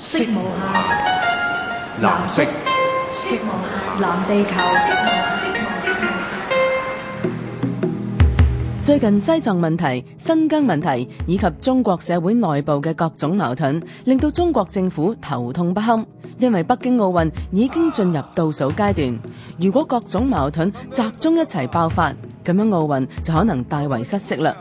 色無限，藍色色無限，藍地球色色色。最近西藏問題、新疆問題以及中國社會內部嘅各種矛盾，令到中國政府頭痛不堪。因為北京奧運已經進入倒數階段，如果各種矛盾集中一齊爆發，咁樣奧運就可能大為失色啦。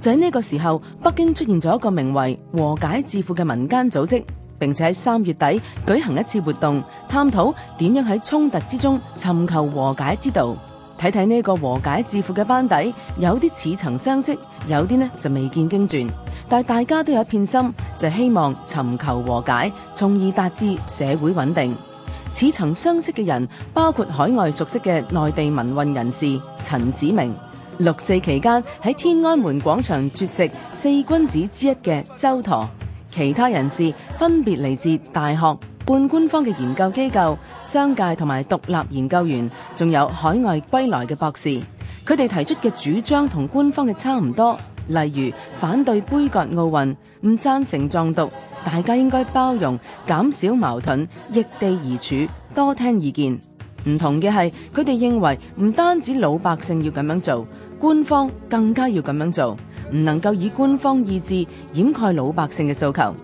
就喺呢個時候，北京出現咗一個名為和解智庫嘅民間組織。並且喺三月底舉行一次活動，探討點樣喺衝突之中尋求和解之道。睇睇呢個和解智庫嘅班底，有啲似曾相識，有啲呢就未見經傳。但大家都有一片心，就希望尋求和解，從而達至社會穩定。似曾相識嘅人包括海外熟悉嘅內地民運人士陳子明，六四期間喺天安門廣場絕食四君子之一嘅周陀。其他人士分別嚟自大學、半官方嘅研究機構、商界、同埋獨立研究員，仲有海外歸來嘅博士。佢哋提出嘅主張同官方嘅差唔多，例如反對杯葛奧運唔贊成藏獨，大家應該包容、減少矛盾、易地而處、多聽意見，唔同嘅係佢哋認為唔單止老百姓要咁樣做，官方更加要咁樣做，唔能夠以官方意志掩蓋老百姓嘅訴求。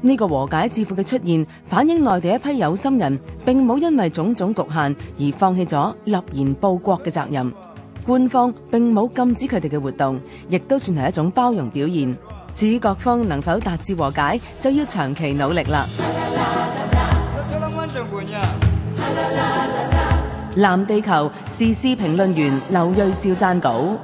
呢、這個和解智庫嘅出現，反映內地一批有心人，並冇因為種種局限而放棄咗立言報國嘅責任。官方並冇禁止佢哋嘅活動，亦都算係一種包容表現。至於各方能否達至和解，就要長期努力啦。 藍地球時事評論員劉銳紹撰稿。